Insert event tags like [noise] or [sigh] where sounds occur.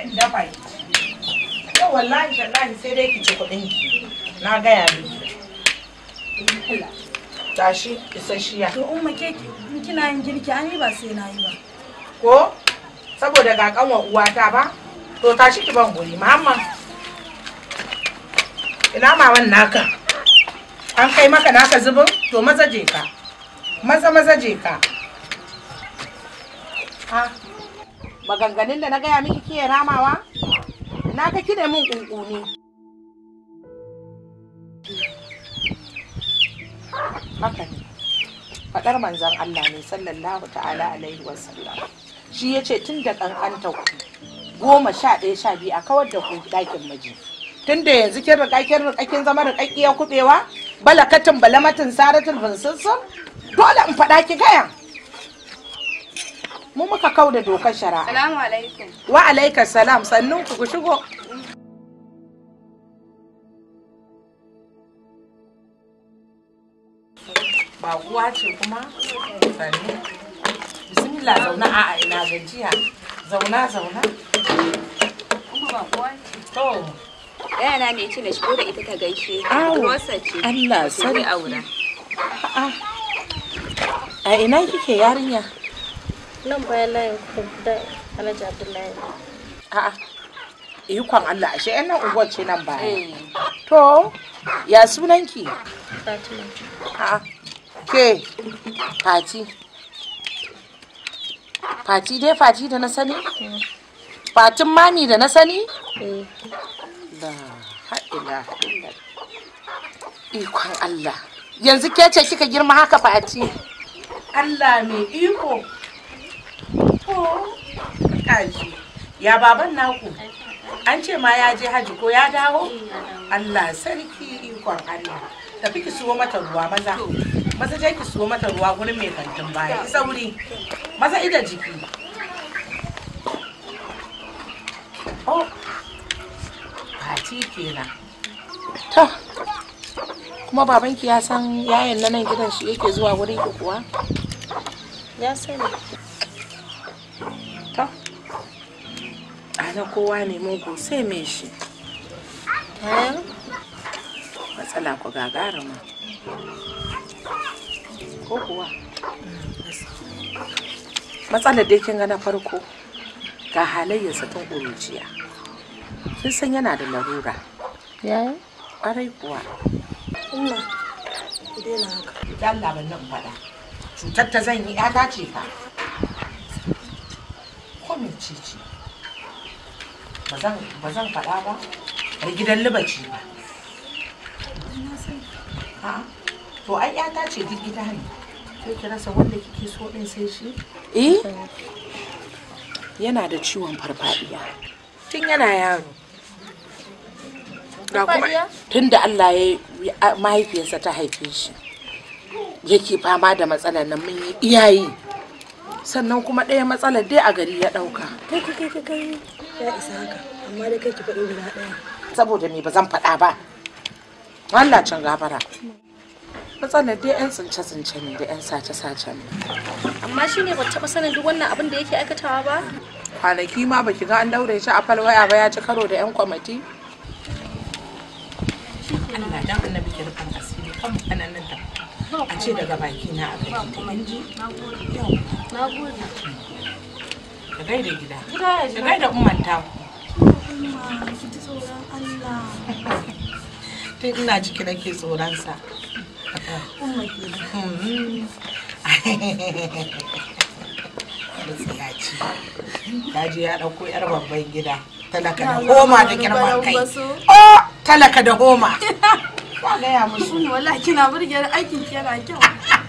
sai in dafa ki yau wallahi sai dai ki ci kuɗin ki na gaya miki tashi isasshiya to umma kina yin girki an yi ba sai na yi ba ko saboda ga kanwa uwata ba to tashi ki ban guri ina mawan naka an kai maka naka zubin to maza je ka maza maza je ka ah maganganun da na gaya miki kiye ramawa na ka kide min kunkuni haka ne fadar manzon Allah ne sallallahu ta'ala alaihi wasallam shi yace tun da kankanta ku goma sha ɗaya sha biyu a kawar da ku ɗakin miji tun da yanzu kin riƙa kin riƙa kin zama riƙaƙƙiyar kuɓewa balakatin balamatin saratin bunsunsun dole in faɗa ki gayan mu muka kau da dokar shari'a salamu alaikum wa alaikum salam sannun ku shigo ba uwa ce kuma sannu bismillah zauna a a ina gajiya zauna zauna kuma ba kuwa ce to yana ne ce na shigo da ita ta gaishe rosa ce Allah sani aura a ina kike yarinya nan baya layin da alhaji abdullahi a'a ikon allah ashe yan nan ce nan baya eh. to ya sunanki fatima a'a ke fati fati dai fati da na sani fatin mami da na sani da eh. ha'ila ikon allah yanzu ke ce kika girma haka fati allah mai iko kaji ya baban naku an ce ma ya je haji ko ya dawo Allah sarki ikon Allah tafi ki suwo mata ruwa maza maza je ki suwo mata ruwa gurin mai kantin baya sauri maza ida jiki oh fati kenan to kuma babanki ya san yayan nan gidan shi yake zuwa gurin ki kuwa ya sani ne kowa ne mugu sai mai shi eh? matsala ku ma ko kuwa matsalar da kin ga na farko ga halayyarsa tun ƙuruciya Sun san yana da larura yayi eh? ƙwarai kuwa ina ku na haka idan labar nan faɗa cutar ta zan yi ya dace fa ko mece ce ba zan faɗa ba a gidan libaci ba to ai yata ce duk gida ne sai ki wanda kike so din sai shi eh yana da ciwon farfadiya tun yana yaro ga kuma tun da Allah ya mahaifiyarsa ta haife shi yake fama da matsalar nan mun yi iyaye sannan kuma ɗaya matsalar dai a gari ya ɗauka ya isa haka amma dai kai ki faɗi guda ɗaya saboda me ba zan faɗa ba Allah can gafara matsalar dai 'yan tsince-tsince ne da 'yan sace-sace ne amma shi ne taɓa sanin duk wannan abin da yake aikatawa ba kwanaki ma baki ga an daure shi a falwaya ba ya ci karo da 'yan kwamati Allah dan annabi ki rufan asiri kan kananan da a ce daga baki na a kai ta inji nagode Ka gaida gida. Ka gaida umman ta. Tun ina ciki nake tsoron sa. Umma ke. Gaskiya ce. Ta je ya ɗauko 'yar babban gida. Talaka da homa da girma kai. Oh, talaka da homa. Ba [laughs] gaya musu. Wallahi kina burge aikin ki yana kyau.